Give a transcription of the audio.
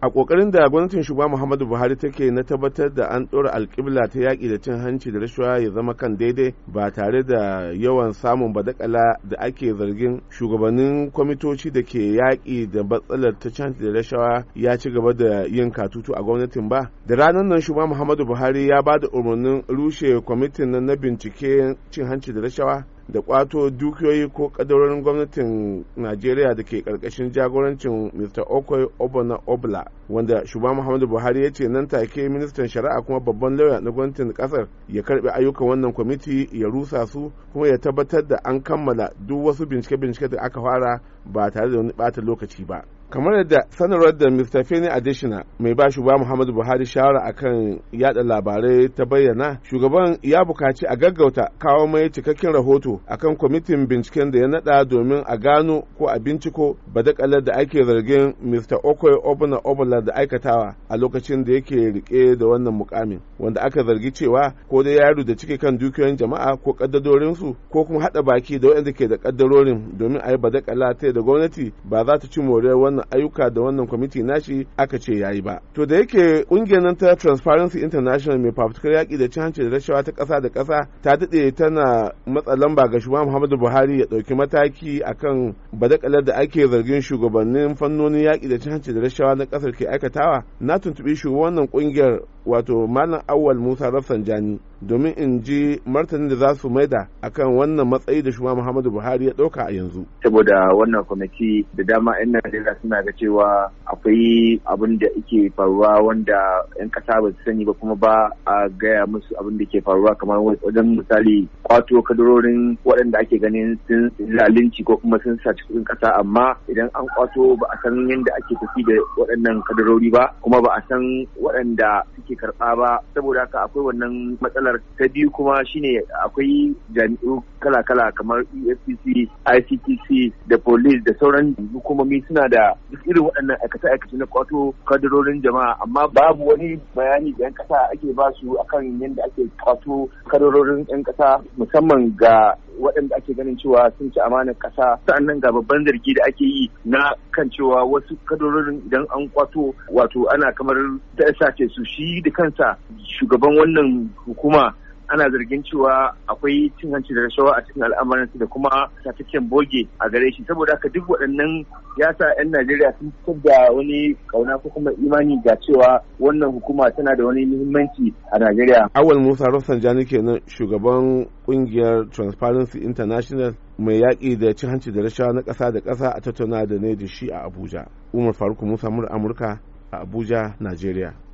a kokarin da gwamnatin shugaba muhammadu buhari take na tabbatar da an ɗora alƙibla ta yaƙi da cin hanci da rashawa ya zama kan daidai ba tare da yawan samun badakala da ake zargin shugabannin kwamitoci da ke yaƙi da matsalar ta cin hanci da rashawa ya ci gaba da yin katutu a gwamnatin ba da ranar nan shugaba muhammadu buhari ya ba da umarnin rushe kwamitin na bincike cin hanci da rashawa da kwato dukiyoyi ko kadarorin gwamnatin najeriya da ke karkashin jagorancin mr okoy obana obla wanda shugaban muhammadu buhari ya ce nan take ministan shari'a kuma babban lauya na gwamnatin kasar ya karbe ayyukan wannan kwamiti ya rusa su kuma ya tabbatar da an kammala duk wasu bincike-bincike da aka fara ba tare da wani bata lokaci ba kamar yadda sanarwar da mr feni adishina mai ba shugaba muhammadu buhari shawara akan yada labarai ta bayyana shugaban ya bukaci a gaggauta kawo mai cikakken rahoto akan kwamitin binciken da ya nada domin a gano ko a binciko badakalar da ake zargin mr Okoye obuna obula da aikatawa a lokacin da yake rike da wannan mukamin wanda aka zargi cewa ko da yaro da cike kan dukiyoyin jama'a ko ƙaddarorinsu ko kuma hada baki da waɗanda ke da kaddarorin domin a yi badakala ta da gwamnati ba za ta ci more wannan wannan ayyuka da wannan kwamiti nashi aka ce ya yi ba to da yake kungiyar nan ta Transparency International mai fafutukar yaƙi da cin hanci da rashawa ta ƙasa da ƙasa ta daɗe tana matsa lamba ga shugaban Muhammadu Buhari ya ɗauki mataki akan badakalar da ake zargin shugabannin fannonin yaƙi da cin hanci da rashawa na ƙasar ke aikatawa na tuntuɓi shugaban wannan kungiyar wato Malam Awwal Musa Rafsanjani domin in ji martanin da za su maida akan wannan matsayi da shuma Muhammadu Buhari ya ɗauka a yanzu. Saboda wannan kwamiti da dama 'yan Najeriya suna ga cewa akwai abin da ike faruwa wanda 'yan ƙasa ba su sani ba kuma ba a gaya musu abin da ke faruwa kamar wajen misali kwato kadarorin waɗanda ake ganin sun lalinci ko kuma sun sa cikin ƙasa amma idan an kwato ba a san yadda ake tafi da waɗannan kadarori ba kuma ba a san waɗanda suke karɓa ba saboda haka akwai wannan matsala matsalar ta biyu kuma shine akwai jami'u kala-kala kamar efcc ictc da police da sauran hukumomi suna da duk irin waɗannan aikace-aikace na kwato kadarorin jama'a amma babu wani bayani da 'yan kasa ake basu akan yadda ake kwato kadarorin 'yan ƙasa musamman ga waɗanda ake ganin cewa sun ci amanar ƙasa sa'annan ga babban zargi da ake yi na kan cewa wasu kadorin idan an kwato wato ana kamar ta sace su shi da kansa shugaban wannan hukuma ana zargin cewa akwai cin hanci da rashawa a cikin al'amuransu da kuma safiken boge a gare shi saboda haka duk waɗannan ya sa 'yan najeriya sun fitar da wani kauna ko kuma imani ga cewa wannan hukuma tana da wani muhimmanci a najeriya awal musa rafsanjani kenan shugaban kungiyar transparency international mai yaƙi da cin hanci da rashawa na ƙasa da ƙasa a tattauna da ne da shi a abuja umar faruk musa mur amurka a abuja najeriya